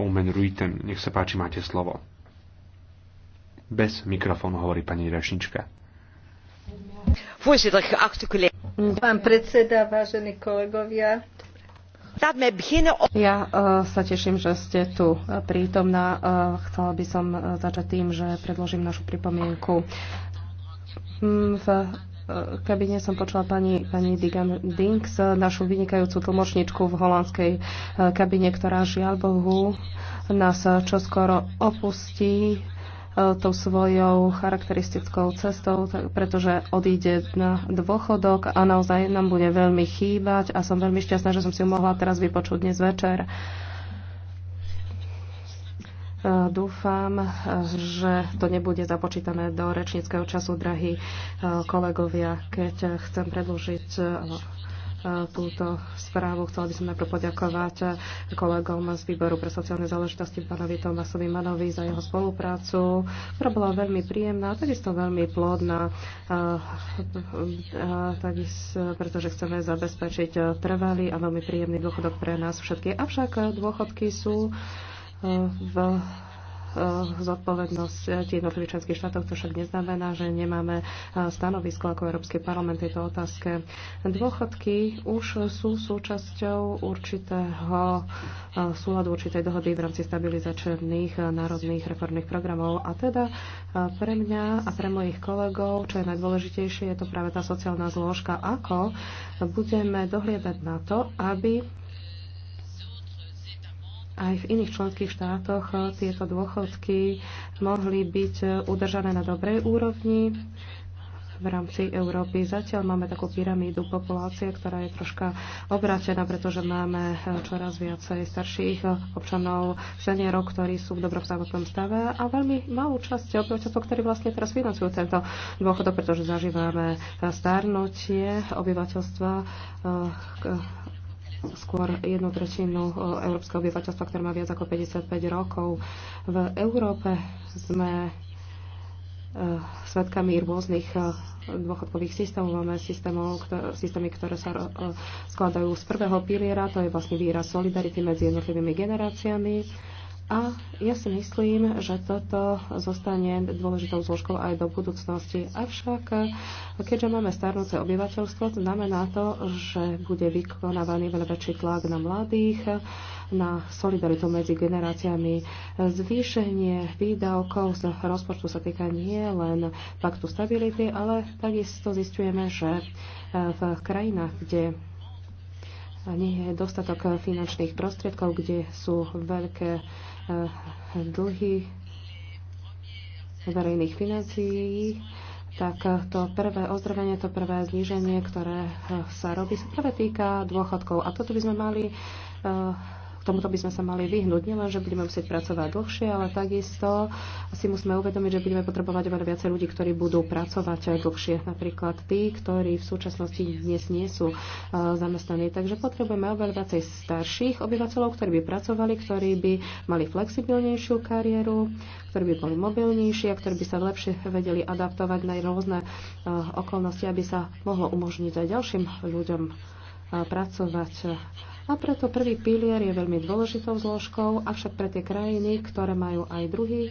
Omen Ruiten. Nech sa páči, máte slovo. Bez mikrofónu hovorí pani Rešnička. Pán predseda, vážení kolegovia, ja eh, sa teším, že ste tu prítomná. Eh, chcela by som eh, začať tým, že predložím našu pripomienku. Mm, v kabine som počula pani, pani Digan Dinks, našu vynikajúcu tlmočničku v holandskej eh, kabine, ktorá žiaľ Bohu nás eh, čoskoro opustí eh, tou svojou charakteristickou cestou, pretože odíde na dôchodok a naozaj nám bude veľmi chýbať a som veľmi šťastná, že som si ju mohla teraz vypočuť dnes večer. Uh, Dúfam, že to nebude započítané do rečníckého času, drahí e, kolegovia, keď chcem predlžiť e, e, túto správu. Chcela by som najprv poďakovať kolegom z výboru pre sociálne záležitosti pánovi Tomasovi Manovi za jeho spoluprácu, ktorá bola veľmi príjemná a takisto veľmi plodná, pretože chceme zabezpečiť trvalý a veľmi príjemný dôchodok pre nás všetky. Avšak dôchodky sú Eh, v zodpovednosť jednotlivých členských štátov. To však neznamená, že nemáme eh, stanovisko ako Európsky parlament tejto otázke. Dôchodky už sú súčasťou určitého eh, súladu určitej dohody v rámci stabilizačných národných reformných programov. A teda pre mňa a pre mojich kolegov, čo je najdôležitejšie, je to práve tá sociálna zložka, ako budeme dohliadať na to, aby aj v iných členských štátoch eh, tieto dôchodky mohli byť eh, udržané na dobrej úrovni v rámci Európy. Zatiaľ máme takú pyramídu populácie, ktorá je troška obrátená, pretože máme eh, čoraz viacej starších občanov, seniorov, ktorí sú v dobrom zdravotnom stave a veľmi malú časť obyvateľstva, ktorí vlastne teraz financujú tento dôchodok, pretože zažívame starnutie obyvateľstva, skôr jednu tretinu e, európskeho obyvateľstva, ktoré má viac ako 55 rokov. V Európe sme e, svetkami rôznych e, dôchodkových systémov. Máme systémov, systémy, ktoré sa skladajú z prvého piliera, to je vlastne výraz solidarity medzi jednotlivými generáciami a ja si myslím, že toto zostane dôležitou zložkou aj do budúcnosti. Avšak, keďže máme starnúce obyvateľstvo, to znamená to, že bude vykonávaný veľa väčší tlak na mladých, na solidaritu medzi generáciami. Zvýšenie výdavkov z rozpočtu sa týka nie len paktu stability, ale takisto zistujeme, že v krajinách, kde nie je dostatok finančných prostriedkov, kde sú veľké eh, dlhy verejných financií, tak to prvé ozdravenie, to prvé zníženie, ktoré eh, sa robí, sa práve týka dôchodkov. A toto by sme mali eh, k tomuto by sme sa mali vyhnúť. Nielen, že budeme musieť pracovať dlhšie, ale takisto si musíme uvedomiť, že budeme potrebovať oveľa viacej ľudí, ktorí budú pracovať aj dlhšie. Napríklad tí, ktorí v súčasnosti dnes nie sú e, zamestnaní. Takže potrebujeme oveľa viacej starších obyvateľov, ktorí by pracovali, ktorí by mali flexibilnejšiu kariéru, ktorí by boli mobilnejší a ktorí by sa lepšie vedeli adaptovať na rôzne e, okolnosti, aby sa mohlo umožniť aj ďalším ľuďom e, pracovať. A preto prvý pilier je veľmi dôležitou zložkou, avšak pre tie krajiny, ktoré majú aj druhý e,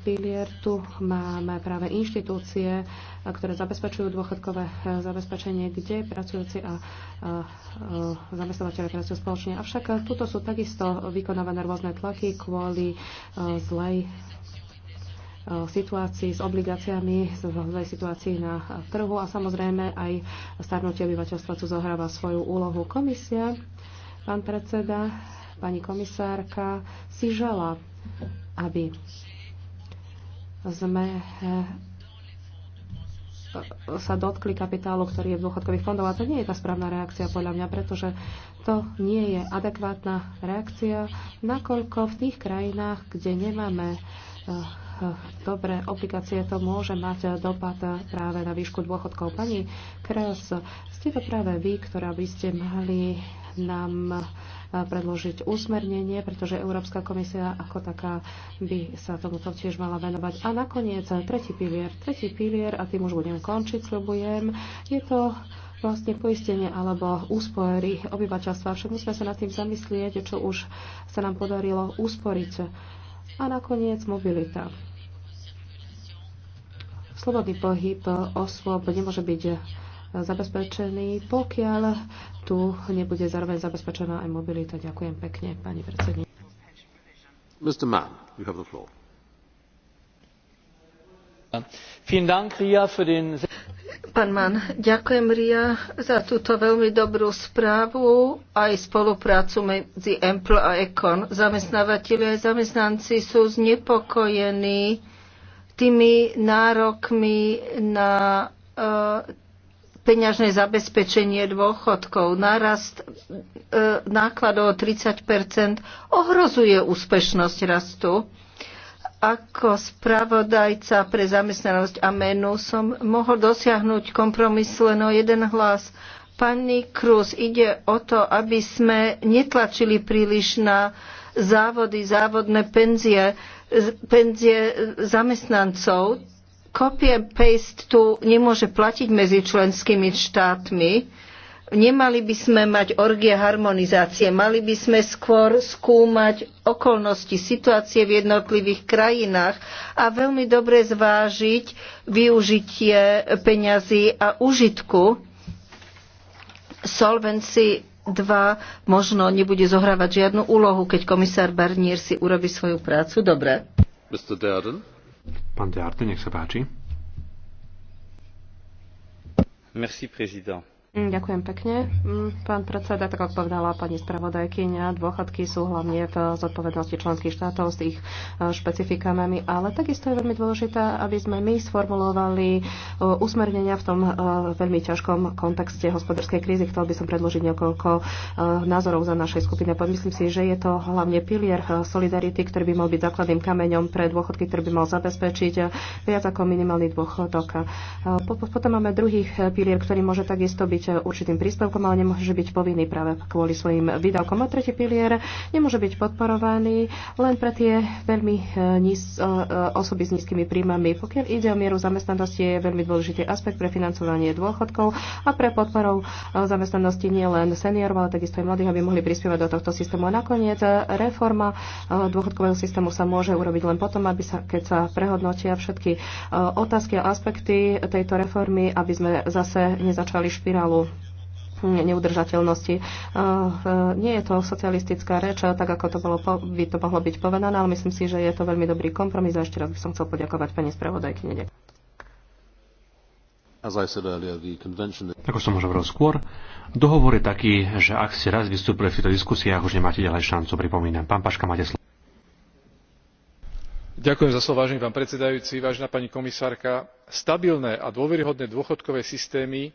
pilier, tu máme práve inštitúcie, e, ktoré zabezpečujú dôchodkové e, zabezpečenie, kde pracujúci a, a, zamestnávateľe pracujú spoločne. Avšak tuto sú takisto vykonávané rôzne tlaky kvôli zlej situácii s obligáciami, zlej situácii na trhu a samozrejme aj starnutie obyvateľstva tu zohráva svoju úlohu. Komisia Pán predseda, pani komisárka si žela, aby sme eh, sa dotkli kapitálu, ktorý je v dôchodkových fondov. A to nie je tá správna reakcia podľa mňa, pretože to nie je adekvátna reakcia, nakoľko v tých krajinách, kde nemáme eh, dobré obligácie, to môže mať eh, dopad práve na výšku dôchodkov. Pani Kres, ste to práve vy, ktorá by ste mali nám eh, predložiť usmernenie, pretože Európska komisia ako taká by sa tomuto tiež mala venovať. A nakoniec tretí pilier. Tretí pilier, a tým už budem končiť, slobujem. je to vlastne poistenie alebo úspory obyvateľstva. Však musíme sa nad tým zamyslieť, čo už sa nám podarilo úsporiť. A nakoniec mobilita. Slobodný pohyb osôb nemôže byť zabezpečený, pokiaľ tu nebude zároveň zabezpečená aj mobilita. Ďakujem pekne, pani predsedníčka. Mr. Mann, you have the floor. Pán Mann, ďakujem Ria za túto veľmi dobrú správu aj spoluprácu medzi EMPL a ECON. Zamestnávateľi a zamestnanci sú znepokojení tými nárokmi na uh, peňažné zabezpečenie dôchodkov, nárast e, nákladov o 30 ohrozuje úspešnosť rastu. Ako spravodajca pre zamestnanosť a menu som mohol dosiahnuť kompromis len o jeden hlas. Pani Krus, ide o to, aby sme netlačili príliš na závody, závodné penzie, e, penzie zamestnancov Copy-paste tu nemôže platiť medzi členskými štátmi. Nemali by sme mať orgie harmonizácie, mali by sme skôr skúmať okolnosti situácie v jednotlivých krajinách a veľmi dobre zvážiť využitie peňazí a užitku. Solvency 2 možno nebude zohrávať žiadnu úlohu, keď komisár Barnier si urobi svoju prácu. Dobre. Mr. Pán Dearte, nech sa páči. Merci, prezident Mm, ďakujem pekne. Mm, pán predseda, tak ako povedala pani spravodajkyňa, dôchodky sú hlavne v zodpovednosti členských štátov s ich e, špecifikami, ale takisto je veľmi dôležité, aby sme my sformulovali e, usmernenia v tom e, veľmi ťažkom kontexte hospodárskej krízy. Chcel by som predložiť niekoľko názorov za našej skupiny. Myslím si, že je to hlavne pilier solidarity, ktorý by mal byť základným kameňom pre dôchodky, ktorý by mal zabezpečiť viac ako minimálny dôchodok. Potom máme druhý pilier, ktorý môže takisto byť určitým príspevkom, ale nemôže byť povinný práve kvôli svojim výdavkom. A tretí pilier nemôže byť podporovaný len pre tie veľmi eh, níz, eh, eh, osoby s nízkymi príjmami. Pokiaľ ide o mieru zamestnanosti, je veľmi dôležitý aspekt pre financovanie dôchodkov a pre podporu zamestnanosti nie len seniorov, ale takisto aj mladých, aby mohli prispievať do tohto systému. A nakoniec reforma dôchodkového systému sa môže urobiť len potom, aby sa, keď sa prehodnotia všetky otázky a aspekty tejto reformy, aby sme zase nezačali špirálu škandálu neudržateľnosti. Eh, eh, nie je to socialistická reč, eh, tak ako to bolo, by to mohlo byť povedané, ale myslím si, že je to veľmi dobrý kompromis a ešte raz by som chcel poďakovať pani spravodajkyne. Ako som už hovoril skôr, dohovor je taký, že ak ste raz vystúpili v týchto diskusiách, už nemáte ďalej šancu, pripomínam. Pán Paška, máte slovo. Ďakujem za slovo, vážený pán predsedajúci, vážená pani komisárka. Stabilné a dôveryhodné dôchodkové systémy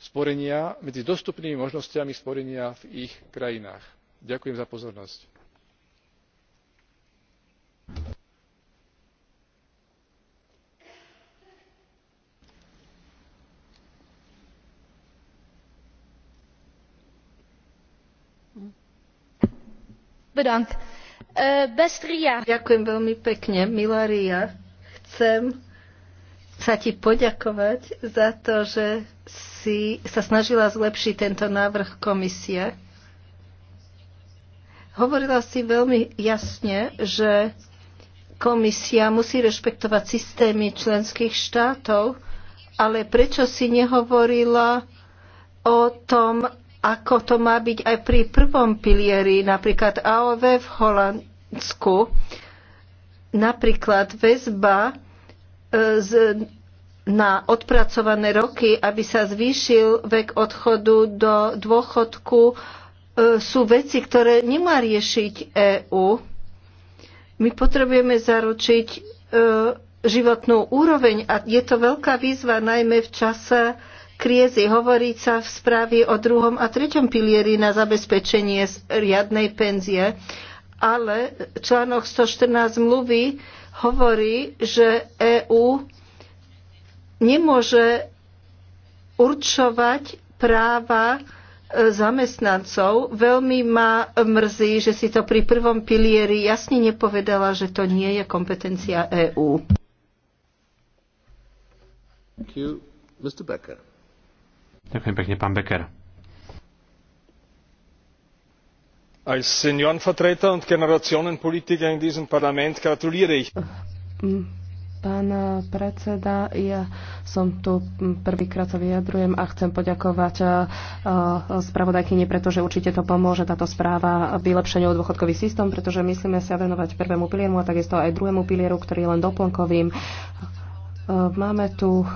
sporenia medzi dostupnými možnosťami sporenia v ich krajinách. ďakujem za pozornosť. E, chcem sa ti poďakovať za to, že si sa snažila zlepšiť tento návrh komisie. Hovorila si veľmi jasne, že komisia musí rešpektovať systémy členských štátov, ale prečo si nehovorila o tom, ako to má byť aj pri prvom pilieri, napríklad AOV v Holandsku, napríklad väzba z, na odpracované roky, aby sa zvýšil vek odchodu do dôchodku, e, sú veci, ktoré nemá riešiť EÚ. My potrebujeme zaručiť e, životnú úroveň a je to veľká výzva najmä v čase krízy. Hovorí sa v správe o druhom a treťom pilieri na zabezpečenie riadnej penzie, ale článok 114 mluví, hovorí, že EÚ nemôže určovať práva e, zamestnancov. Veľmi ma mrzí, že si to pri prvom pilieri jasne nepovedala, že to nie je kompetencia EÚ. Ďakujem pekne, pán Becker. als seniorenvertreter und generationenpolitiker in diesem parlament gratuliere ich Pán predseda, ja som tu prvýkrát sa vyjadrujem a chcem poďakovať eh, spravodajkyni, pretože určite to pomôže táto správa vylepšeniu dôchodkový systém, pretože myslíme sa venovať prvému pilieru a takisto aj druhému pilieru, ktorý je len doplnkovým Máme tu eh,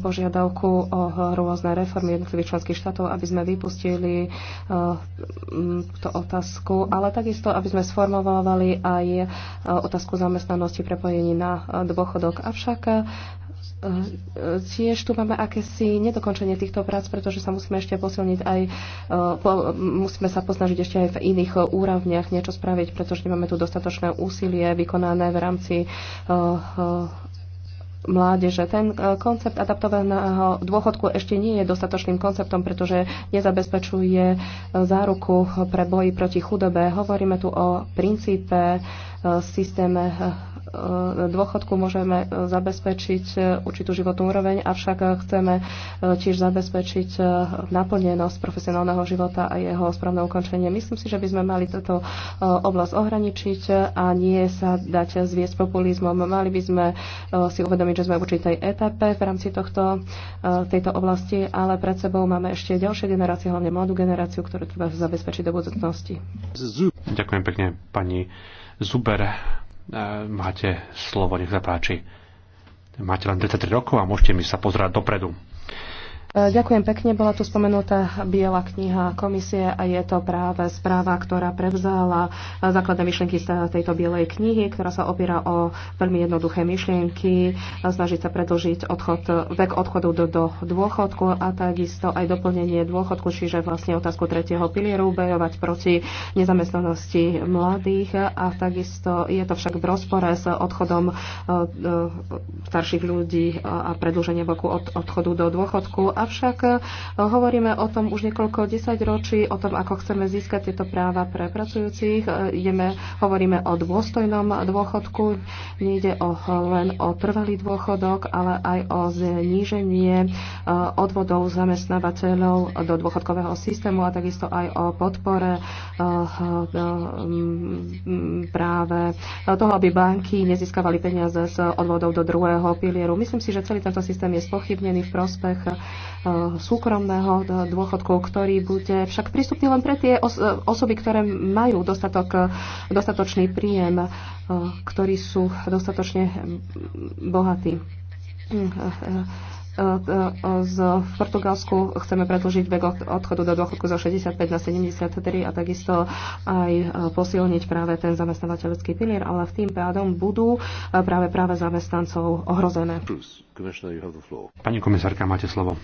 požiadavku o rôzne reformy jednotlivých členských štátov, aby sme vypustili eh, mm, tú otázku, ale takisto, aby sme sformovali aj eh, otázku zamestnanosti prepojení na dôchodok. Avšak tiež tu máme akési nedokončenie týchto prác, pretože sa musíme ešte posilniť aj, po, musíme sa posnažiť ešte aj v iných úrovniach niečo spraviť, pretože nemáme tu dostatočné úsilie vykonané v rámci mládeže. Ten e, koncept adaptovaného dôchodku ešte nie je dostatočným konceptom, pretože nezabezpečuje e, záruku pre boji proti chudobe. Hovoríme tu o princípe, e, systéme E, dôchodku môžeme e, zabezpečiť e, určitú životnú úroveň, avšak chceme tiež zabezpečiť naplnenosť profesionálneho života a jeho správne ukončenie. Myslím si, že by sme mali toto oblasť ohraničiť a nie sa dať zviesť populizmom. Mali by sme si uvedomiť, že sme v určitej etape v rámci tohto, tejto oblasti, ale pred sebou máme ešte ďalšie generácie, hlavne mladú generáciu, ktorú treba zabezpečiť do budúcnosti. Ďakujem pekne pani Zuber. E, máte slovo, nech sa páči. Máte len 33 rokov a môžete mi sa pozerať dopredu. E, ďakujem pekne. Bola tu spomenutá Biela kniha komisie a je to práve správa, ktorá prevzala e, základné myšlienky z tejto Bielej knihy, ktorá sa opiera o veľmi jednoduché myšlienky, e, snažiť sa predlžiť odchod, vek odchodu do, do dôchodku a takisto aj doplnenie dôchodku, čiže vlastne otázku tretieho pilieru, bojovať proti nezamestnanosti mladých a takisto je to však v rozpore s odchodom starších ľudí a predlženie voku od odchodu do dôchodku Avšak e, hovoríme o tom už niekoľko desaťročí, o tom, ako chceme získať tieto práva pre pracujúcich. E, ideme, hovoríme o dôstojnom dôchodku. Nejde o, len o trvalý dôchodok, ale aj o zníženie e, odvodov zamestnávateľov do dôchodkového systému a takisto aj o podpore práve toho, aby banky nezískavali peniaze z odvodov do druhého pilieru. Myslím si, že celý tento systém je spochybnený v prospech Eh, súkromného dôchodku, ktorý bude však prístupný len pre tie osoby, ktoré majú dostatok, eh, dostatočný príjem, eh, ktorí sú dostatočne hm, bohatí hm, z v Portugalsku chceme predlžiť vek odchodu do dôchodku zo 65 na 73 a takisto aj e, posilniť práve ten zamestnávateľský pilier, ale v tým pádom budú e, práve práve zamestnancov ohrozené. Pani komisárka, máte slovo.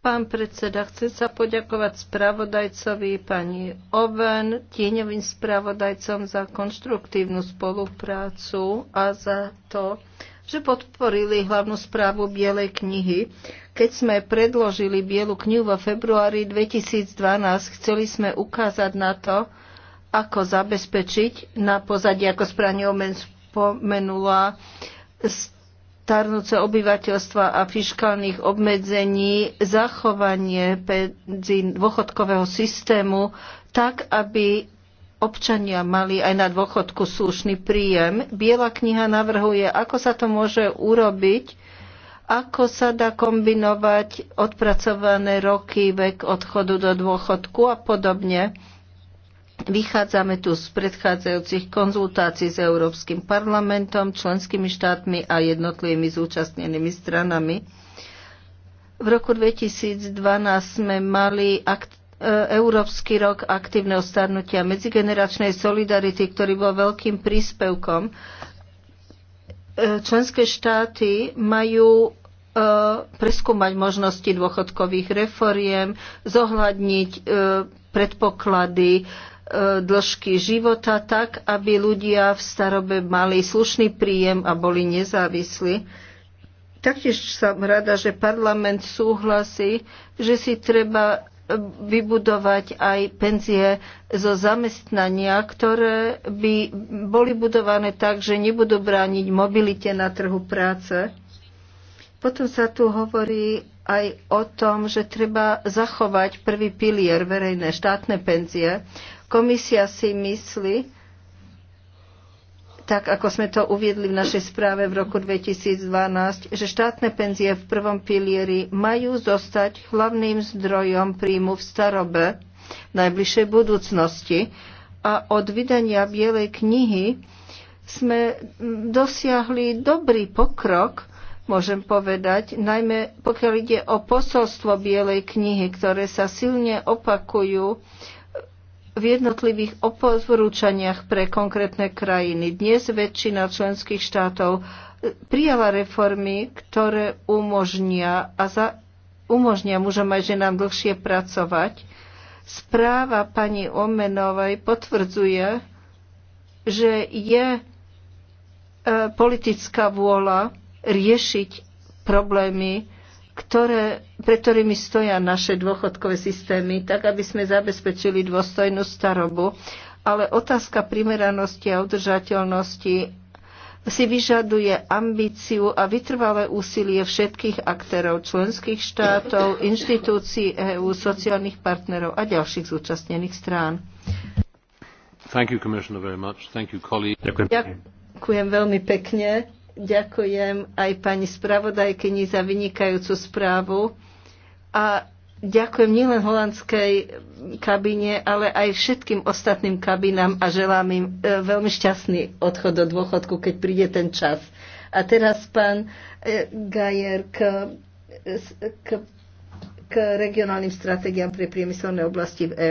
Pán predseda, chcem sa poďakovať spravodajcovi pani Oven, tieňovým spravodajcom za konštruktívnu spoluprácu a za to, že podporili hlavnú správu Bielej knihy. Keď sme predložili Bielu knihu vo februári 2012, chceli sme ukázať na to, ako zabezpečiť na pozadí, ako správne spomenula, starnúce obyvateľstva a fiškálnych obmedzení zachovanie dôchodkového systému tak, aby občania mali aj na dôchodku slušný príjem. Biela kniha navrhuje, ako sa to môže urobiť, ako sa dá kombinovať odpracované roky, vek odchodu do dôchodku a podobne. Vychádzame tu z predchádzajúcich konzultácií s Európskym parlamentom, členskými štátmi a jednotlivými zúčastnenými stranami. V roku 2012 sme mali akt, e, Európsky rok aktívneho starnutia medzigeneračnej solidarity, ktorý bol veľkým príspevkom. E, členské štáty majú e, preskúmať možnosti dôchodkových reforiem, zohľadniť e, predpoklady dĺžky života tak, aby ľudia v starobe mali slušný príjem a boli nezávislí. Taktiež som rada, že parlament súhlasí, že si treba e, vybudovať aj penzie zo zamestnania, ktoré by boli budované tak, že nebudú brániť mobilite na trhu práce. Potom sa tu hovorí aj o tom, že treba zachovať prvý pilier verejné štátne penzie, Komisia si myslí, tak ako sme to uviedli v našej správe v roku 2012, že štátne penzie v prvom pilieri majú zostať hlavným zdrojom príjmu v starobe v najbližšej budúcnosti. A od vydania Bielej knihy sme dosiahli dobrý pokrok, môžem povedať, najmä pokiaľ ide o posolstvo Bielej knihy, ktoré sa silne opakujú v jednotlivých oporúčaniach pre konkrétne krajiny. Dnes väčšina členských štátov e, prijala reformy, ktoré umožnia, a za, umožnia mužom aj ženám dlhšie pracovať. Správa pani Omenovej potvrdzuje, že je e, politická vôľa riešiť problémy ktoré, pre ktorými stoja naše dôchodkové systémy, tak aby sme zabezpečili dôstojnú starobu. Ale otázka primeranosti a udržateľnosti si vyžaduje ambíciu a vytrvalé úsilie všetkých aktérov, členských štátov, inštitúcií EÚ, sociálnych partnerov a ďalších zúčastnených strán. Thank you, very much. Thank you, colleague. Ďakujem. Ďakujem veľmi pekne. Ďakujem aj pani spravodajkyni za vynikajúcu správu a ďakujem nielen holandskej kabine, ale aj všetkým ostatným kabinám a želám im e, veľmi šťastný odchod do dôchodku, keď príde ten čas. A teraz pán e, Gajer k, e, k, k regionálnym stratégiám pre priemyselné oblasti v EU.